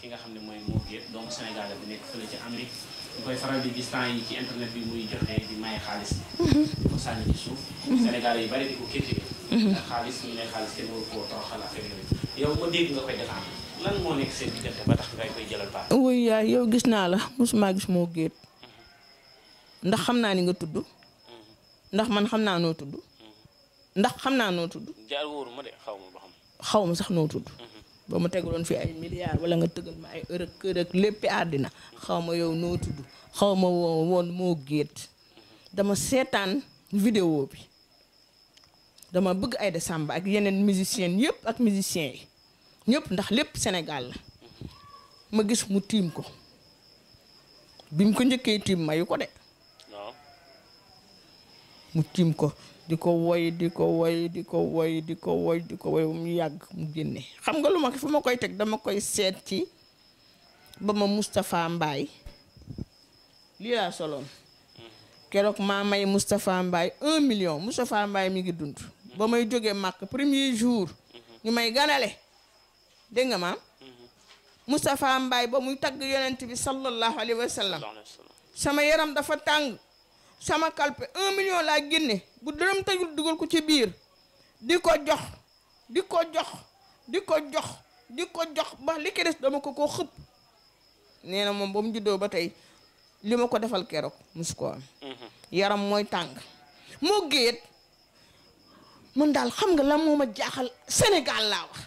ki nga xam ne mooy moo géet donc sénégalais bu nekk fële ci Amérique ñu koy faral di gis temps yi ci internet bi muy joxe di maye xaalis bi mhm. ko sànni suuf sénégalais yu bari di ko critiqué mhm. ndax xaalis ñu ne xaalis kenn waru koo toroxal affaire yow ma dégg nga koy défendre lan moo nekk seen diggante ba tax ngay koy jëlal baax yow gis naa la mosumaa gis moo géet mhm. ndax xam naa ni nga tudd ndax man xam naa noo tudd ndax xam naa noo tudd jaar wóoru ma de xaw ma ba ba ma teguloon fi ay milliards wala nga tëgal ma ay heure kër ak léppi àddina xaw ma yow noo tudd xaw ma woon moo géet dama seetaan vidéo bi dama bëgg Aïda Samba ak yeneen musiciens yëpp ak musiciens yi ñëpp ndax lépp senegal la ma gis mu tiim ko bi mu ko njëkkee tiim mayu ko de mu tiim ko di ko woy di ko woy di ko woy di ko woy di ko woy ba mu yàgg mu génne xam nga lu ma fu ma koy teg dama koy seet ci ba ma Moustapha Mbaye lii keroog maa may Moustapha Mbaye million Moustapha mbaay mi ngi dund ba may jógee màkk premier jour ñu may ganale dégg nga maam Moustapha Mbaye ba muy tagg yonent bi sallallahu alayhi wa sama yaram dafa tàng sama kalpe un million laa génne bu dërëm tajul dugal ko ci biir di ko jox di ko jox di ko jox di ko jox ba li ki des dama ko ko xëpp nee na moom ba mu juddoo ba tey li ma ko defal keroog musu ko am mhm. yaram mooy tàng moo géet man daal xam nga la moom a jaaxal Sénégal laa wax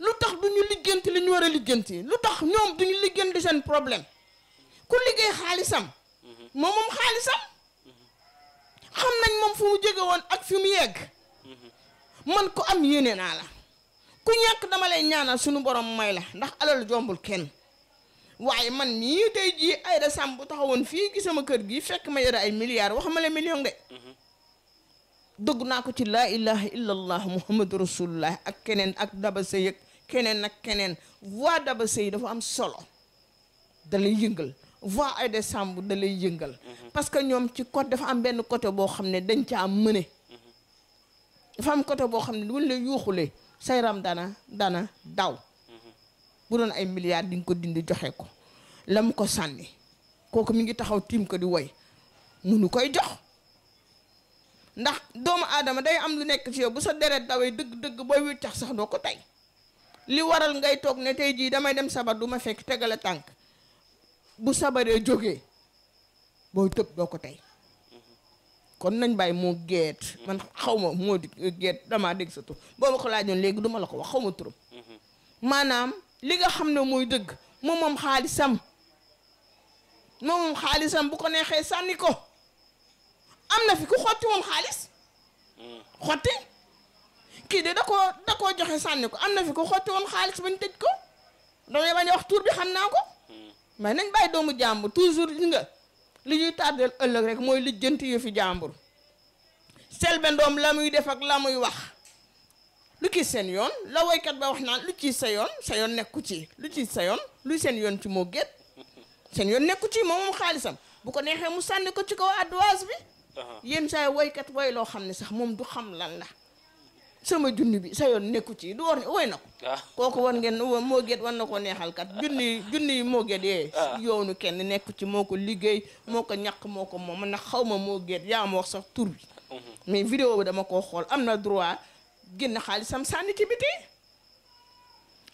lu tax du ñu liggéenti li ñu war a liggéenti lu tax ñoom du ñu liggéenti seen problème ku liggéey xaalisam moom moom xaalisam xam nañ moom fu mu jóge woon ak fi mu yegg man ko am yéene naa la ku ñàkk dama lay ñaanal sunu borom may la ndax alal jombul kenn waaye man mii tey jii Aïda sàmm bu taxawoon fii gi sama kër gii fekk ma yore ay milliards wax ma la million de dugg naa ko ci laa ilaha illallah muhammadu rasulullah ak keneen ak daba sëy ak keneen ak keneen waa daba sëy dafa am solo dalay yëngal voix Aïda Samb da lay yëngal. Mhm. parce que ñoom ci côté dafa am benn côté boo xam ne dañ ca am mëne. Mhm. dafa am côté boo xam ne buñ la yuuxulee sa yaram dana dana daw. Mhm. bu doon ay milliards di nga ko dindi joxe ko la mu ko sànni kooku mu ngi taxaw tiim ko di woy munu koy jox. ndax doomu aadama day am lu nekk ci bu sa deret dawee dëgg-dëgg booy wiccax sax doo ko tey li waral ngay toog ne tey jii damay dem sabar du ma fekk tegale tànk. bu sabaree jógee booy tëb doo ko tey kon nañ bàyyi moo geet man xaw ma moo di geet damaa dégg sa tur boo ma ko laajoon léegi duma la ko wax xaw ma turam maanaam li nga xam ne mooy dëgg moom moom xaalisam moom moom xaalisam bu ko neexee sànni ko am na fi ku xotti woon xaalis xotti kii de da koo da koo joxe sànni ko am na fi ku xotti woon xaalis bañ tëj ko damay bañ a wax tur bi xam naa ko mais nañ bàyyi doomu jàmbur toujours li nga li ñuy tardel ëllëg rek mooy lijjanti yu fi jàmbur Selbé Ndom la muy def ak la muy wax lu ci seen yoon la woykat ba wax naan lu ci sa yoon sa yoon nekku ci lu ci sa yoon luy seen yoon ci moo gét seen yoon nekku ci moom moom xaalisam bu ko neexee mu sànni ko ci kaw adduwaas bi yenn saa yi woykat woy loo xam ne sax moom du xam lan la sama junni bi sa yoon nekku ci du war woy na ko ah. kooku war ngeen moo geet na ko neexal kat junni yi moo geet yee ah. yoonu kenn nekku ci moo ko liggéey moo ko ñàkk moo ko moom na xaw ma moo geet yaa ma wax sax tur bi mhm. mais vidéo bi dama koo xool am na droit génn xaalisam sànni ci biti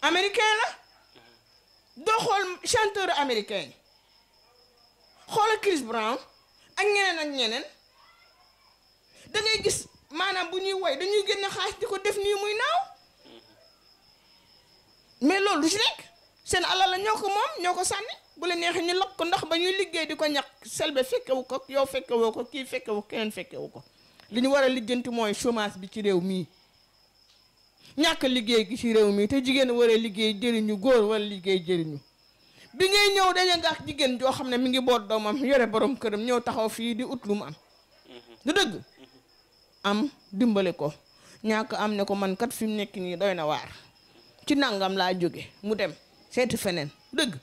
américain la mhm. doo xool chanteur américain yi xoola Chris Brown ak ñeneen ak ñeneen da ngay gis maanaam bu ñuy woy dañuy génn xaalis di ko def nii muy naaw mais loolu lu ci seen alal la ñoo ko moom ñoo ko sànni bu la neexee ñu lakk ko ndax ba ñuy liggéey di ko ñaq selbe fekkewu ko yow fekkewu ko kii fekkewu keneen fekkewu ko li ñu war a lijjanti mooy chômage bi ci réew mii ñàkk liggéey gi ci réew mii te jigéen waree liggéey jëriñu góor war a liggéey jëriñu bi ngay ñëw dañu nga ak jigéen joo xam ne mi ngi boot doomam yore boroom këram ñëw taxaw fii di ut lu dëgg am dimbale ko ñàkk am ne ko man kat fi mu nekk nii doy na waar ci nangam laa jóge mu dem seeti feneen dëgg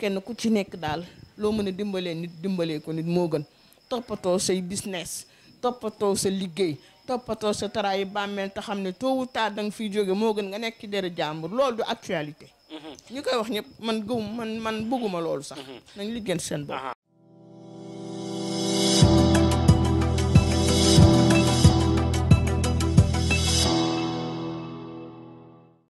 kenn ku ci nekk daal loo mën a dimbalee nit dimbalee ko nit moo gën toppatoo say business toppatoo sa liggéey toppatoo sa taraayu bàmmeel te xam ne tôt ou tard danga fiy jóge moo gën nga nekk ci dere jàmbur loolu du actualité. Mm-hmm. ñi koy wax ñëpp man gëw man man loolu sax. Mm-hmm. nañ liggéeyal seen bopp.